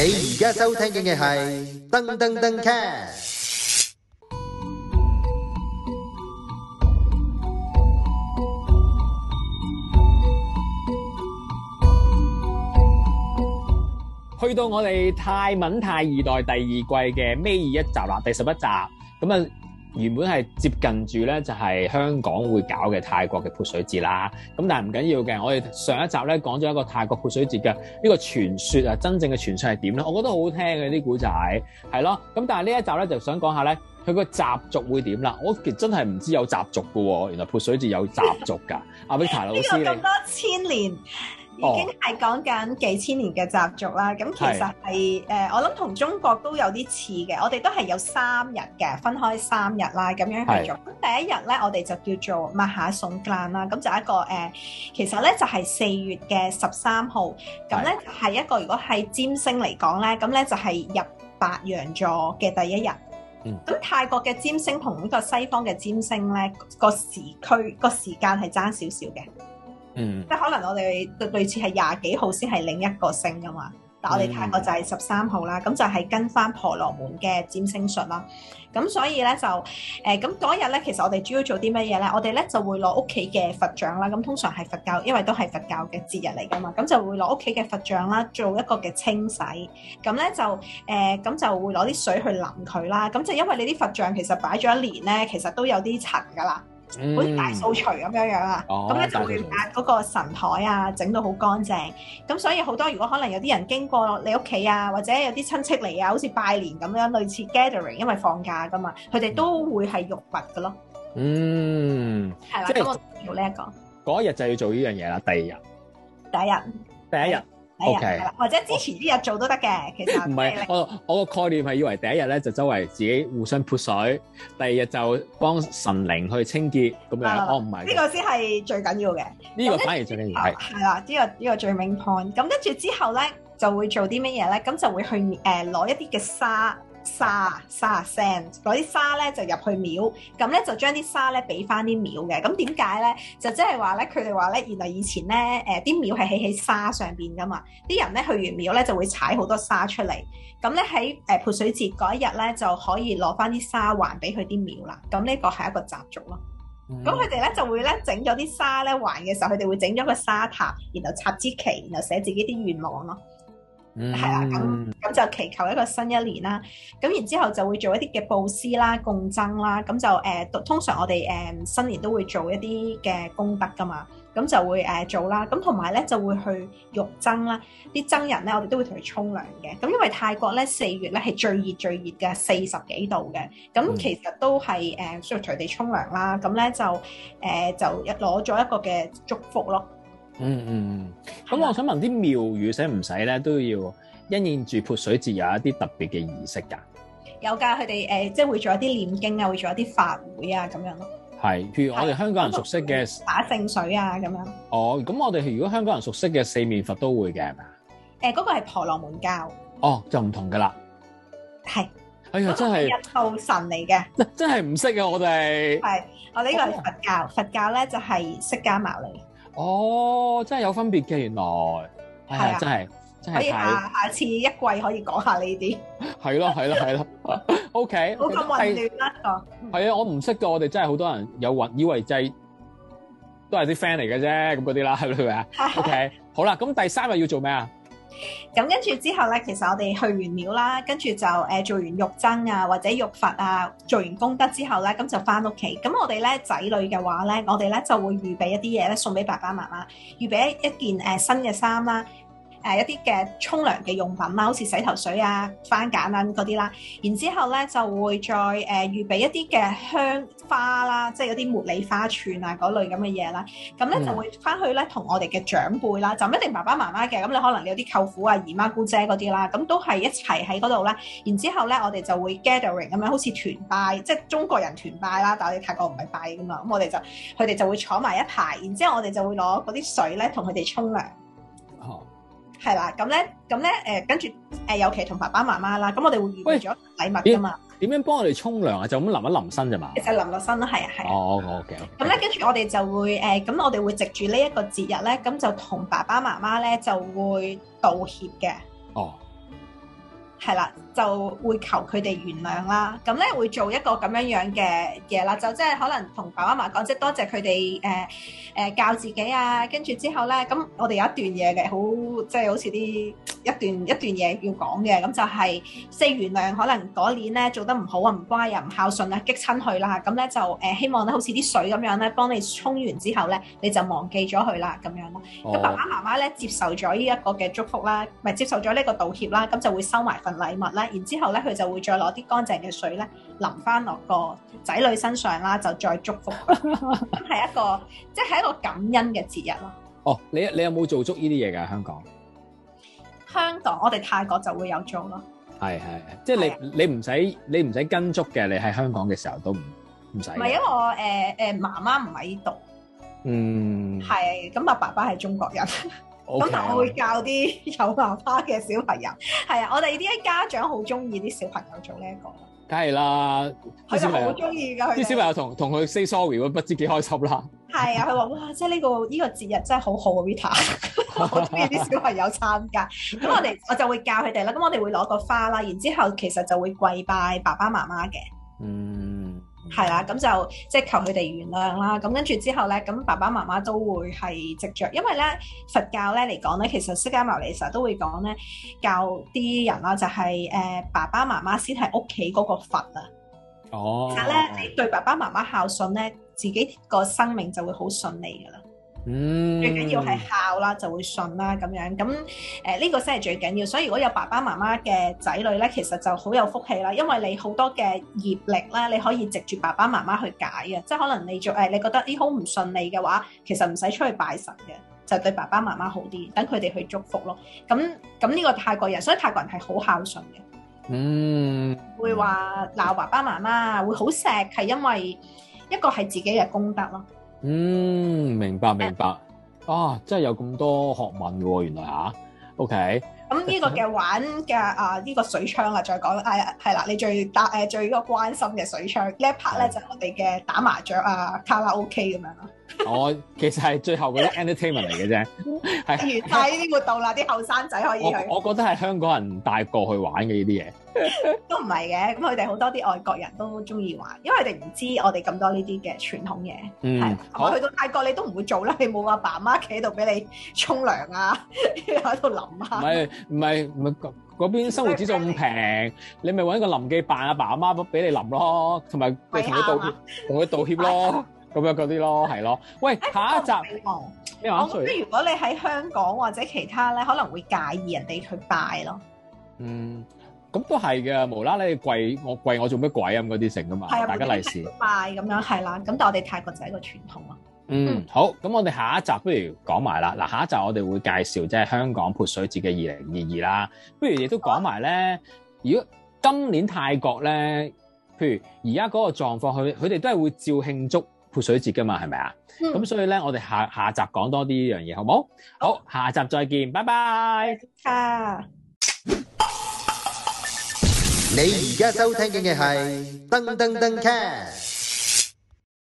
你而家收聽嘅係噔噔噔 cast，去到我哋《泰文泰二代》第二季嘅尾二一集啦，第十一集咁啊！原本係接近住咧，就係香港會搞嘅泰國嘅潑水節啦。咁但係唔緊要嘅，我哋上一集咧講咗一個泰國潑水節嘅呢個傳說啊，真正嘅傳說係點咧？我覺得好好聽嘅啲古仔，係咯。咁但係呢一集咧就想講下咧，佢個習俗會點啦？我其實真係唔知有習俗嘅喎，原來潑水節有習俗㗎。阿 Peter 老師，你咁多千年。已經係講緊幾千年嘅習俗啦，咁其實係誒是、呃，我諗同中國都有啲似嘅，我哋都係有三日嘅，分開三日啦，咁樣去做。咁是第一日咧，我哋就叫做馬哈宋干啦，咁就一個誒、呃，其實咧就係、是、四月嘅十三號，咁咧係一個如果係占星嚟講咧，咁咧就係入白羊座嘅第一日。嗯。咁泰國嘅占星同呢個西方嘅占星咧，個時區、個時間係爭少少嘅。即係可能我哋類似係廿幾號先係另一個星噶嘛，但我哋泰國就係十三號啦，咁 就係跟翻婆羅門嘅占星術啦。咁所以咧就誒，咁、呃、嗰日咧其實我哋主要做啲乜嘢咧？我哋咧就會攞屋企嘅佛像啦，咁通常係佛教，因為都係佛教嘅節日嚟噶嘛，咁就會攞屋企嘅佛像啦，做一個嘅清洗。咁咧就誒，咁、呃、就會攞啲水去淋佢啦。咁就因為你啲佛像其實擺咗一年咧，其實都有啲塵噶啦。嗯、好似大掃除咁樣，哦、樣啊。咁咧就會把嗰個神台啊，整到好乾淨，咁所以好多如果可能有啲人經過你屋企啊，或者有啲親戚嚟啊，好似拜年咁樣，類似 gathering，因為放假噶嘛，佢哋都會係浴佛噶咯。嗯，係啦了，今是我做呢、這、一個，嗰一日就要做呢樣嘢啦。第二日，第一日，第一日。哎、o Okay . K，或者之前呢日做都得嘅，我其實唔係我我個概念係以為第一日咧就周圍自己互相潑水，第二日就幫神靈去清潔咁樣。啊、哦，唔係呢個先係最緊要嘅，呢個反而最緊要係。係啦、啊，呢是、啊這個呢、這個最 main point。咁跟住之後咧就會做啲乜嘢咧？咁就會去誒攞、呃、一啲嘅沙。沙沙啊聲，攞啲沙咧就入去廟，咁咧就將啲沙咧俾翻啲廟嘅。咁點解咧？就即係話咧，佢哋話咧，原來以前咧，誒、呃、啲廟係起喺沙上邊噶嘛。啲人咧去完廟咧就會踩好多沙出嚟，咁咧喺誒潑水節嗰一日咧就可以攞翻啲沙還俾佢啲廟啦。咁呢個係一個習俗咯。咁佢哋咧就會咧整咗啲沙咧還嘅時候，佢哋會整咗個沙塔，然後插支旗，然後寫自己啲願望咯。嗯，係啦，咁咁就祈求一個新一年啦。咁然之後就會做一啲嘅佈施啦、供僧啦。咁就誒、呃，通常我哋誒、呃、新年都會做一啲嘅功德噶嘛。咁就會誒、呃、做啦。咁同埋咧就會去浴僧啦，啲僧人咧我哋都會同佢沖涼嘅。咁因為泰國咧四月咧係最熱最熱嘅四十幾度嘅，咁其實都係需要隨地沖涼、呃、啦。咁咧就誒就攞咗一個嘅祝福咯。嗯嗯嗯，咁、嗯嗯、嗎我想問啲廟宇使唔使咧都要因應住潑水節有一啲特別嘅儀式噶？有噶，佢哋誒，即係會做一啲念經啊，會做一啲法會啊，咁樣咯。係，譬如我哋香港人熟悉嘅，那個打聖水啊，咁樣。哦，咁我哋如果香港人熟悉嘅四面佛都會嘅係咪誒，嗰，呃那個係婆羅門教。哦，就唔同噶啦。係是。哎呀，真係一套神嚟嘅。真係唔識啊！我哋係我哋呢個係佛教，佛教咧就係釋迦牟尼。哦，真係有分別嘅原來，係啊，真係真係下、啊、下次一季可以講下呢啲，係咯係咯係咯，OK，好咁混亂啦個，係啊，我唔識㗎，我哋真係好多人有混以為就係、都係啲 fan 嚟嘅啫，咁嗰啲啦，係咪啊？OK，好啦，咁第三日要做咩啊？咁跟住之後咧，其實我哋去完廟啦，跟住就誒做完浴僧啊或者浴佛啊，做完功德之後咧，咁就返屋企。咁我哋咧，仔女嘅話咧，我哋咧就會預備一啲嘢咧送俾爸爸媽媽，預備一一件誒新嘅衫啦。誒、呃、一啲嘅沖涼嘅用品啦，好似洗頭水啊、番梘啊嗰啲啦，然之後咧就會再誒預、呃、備一啲嘅香花啦，即係嗰啲茉莉花串啊嗰類咁嘅嘢啦。咁咧、嗯、就會翻去咧同我哋嘅長輩啦，就唔一定爸爸媽媽嘅，咁你可能你有啲舅父啊、姨媽姑姐嗰啲啦，咁都係一齊喺嗰度啦。然之後咧，我哋就會 gathering 咁樣，好似團拜，即係中國人團拜啦，但係我哋泰國唔係拜㗎嘛。咁我哋就佢哋就會坐埋一排，然之後我哋就會攞嗰啲水咧同佢哋沖涼。係啦，咁咧，咁咧，誒、呃，跟住誒，尤、呃、其同爸爸媽媽啦，咁我哋會預備咗禮物噶嘛？點樣幫我哋沖涼啊？就咁淋一淋身啫嘛。其實淋落身咯，係啊，係。哦，好嘅。咁咧，跟住我哋就會誒，咁、呃、我哋會藉住呢一個節日咧，咁就同爸爸媽媽咧就會道歉嘅。哦。Oh. 係啦，就會求佢哋原諒啦，咁咧會做一個咁樣樣嘅嘢啦，就即係可能同爸爸媽媽講，即係多謝佢哋誒誒教自己啊，跟住之後咧，咁我哋有一段嘢嘅，好即係好似啲一段一段嘢要講嘅，咁就係，是、即原諒，可能嗰年咧做得唔好啊，唔乖又唔孝順啊、激親佢啦，咁咧就誒、呃、希望咧好似啲水咁樣咧，幫你沖完之後咧，你就忘記咗佢啦，咁樣咯。咁爸、哦、爸媽媽咧接受咗呢一個嘅祝福啦，咪接受咗呢個道歉啦，咁就會收埋。禮物咧，然之後咧，佢就會再攞啲乾淨嘅水咧淋翻落個仔女身上啦，就再祝福，係一個即係一個感恩嘅節日咯。哦，你你有冇做足呢啲嘢噶？香港，香港，我哋泰國就會有做咯。係係係，即係你你唔使你唔使跟足嘅，你喺香港嘅時候都唔唔使。唔係因為我誒誒媽媽唔喺度，嗯，係咁啊，爸爸係中國人。咁我 Okay. 會教啲有爸爸嘅小朋友，係啊，我哋呢啲家長好中意啲小朋友做呢、這、一個，梗係啦，佢哋好中意噶，啲小朋友同同佢 say sorry，不知幾開心啦。係啊，佢話哇，即係呢個呢、這個節日真係好好啊，Vita，好中 意啲小朋友參加。咁我哋我就會教佢哋啦。咁我哋會攞個花啦，然之後其實就會跪拜爸爸媽媽嘅。嗯。係啦，咁就即係求佢哋原諒啦。咁跟住之後咧，咁爸爸媽媽都會係直着，因為咧佛教咧嚟講咧，其實釋迦牟尼佛都會講咧，教啲人啦、就係，就係誒爸爸媽媽先係屋企嗰個佛啊。哦，oh。咁咧你對爸爸媽媽孝順咧，自己個生命就會好順利㗎啦。嗯、最緊要係孝啦，就會順啦咁樣。咁誒呢個先係最緊要。所以如果有爸爸媽媽嘅仔女咧，其實就好有福氣啦。因為你好多嘅業力咧，你可以藉住爸爸媽媽去解嘅。即係可能你做誒、哎，你覺得啲好唔順利嘅話，其實唔使出去拜神嘅，就對爸爸媽媽好啲，等佢哋去祝福咯。咁咁呢個泰國人，所以泰國人係好孝順嘅。嗯，會話鬧爸爸媽媽，會好錫，係因為一個係自己嘅功德咯。嗯，明白明白，啊，啊，真係有咁多學問嘅、啊，原來吓、啊、OK、嗯。咁、呢、呢個嘅玩嘅啊呢、呢個水槍啊，再講係係啦，你最大誒、啊、最呢個關心嘅水槍呢一 part 咧就係、我哋嘅打麻雀啊、卡拉 OK 咁樣咯。我、 哦、其實係最後嗰啲 entertainment 嚟嘅啫，係完曬呢啲活動啦，啲後生仔可以去。我覺得係香港人帶過去玩嘅呢啲嘢，都唔係嘅。咁佢哋好多啲外國人都中意玩，因為佢哋唔知我哋咁多呢啲嘅傳統嘢。嗯，我好去到泰國你都唔會做啦，你冇阿爸阿媽企喺度俾你沖涼啊，喺 度淋啊。唔係唔係唔係，嗰邊生活指數咁平，你咪揾個臨記扮阿爸阿媽，不俾你淋咯，同埋同佢道歉，同佢道歉咯。 咁樣嗰啲咯，係咯。喂，哎、下一集咩話題？我覺得如果你喺香港或者其他咧，可能會介意人哋去拜咯。嗯，咁都係嘅，無啦啦你跪我跪我做咩鬼啊？嗰啲成噶嘛，啊、大家利是拜咁樣係啦。咁、嗯、但係我哋泰國就係一個傳統啊。嗯，好。咁我哋下一集不如講埋啦。嗱，下一集我哋會介紹即係香港潑水節嘅二零二二啦。不如亦都講埋咧，如果今年泰國咧，譬如而家嗰個狀況，佢佢哋都係會照慶祝。潑水節噶嘛，係咪啊？咁、嗯、所以咧，我哋下下集講多啲呢樣嘢，好唔好？好，好，下集再見，拜拜。啊！你而家收聽緊嘅係燈登登 cast。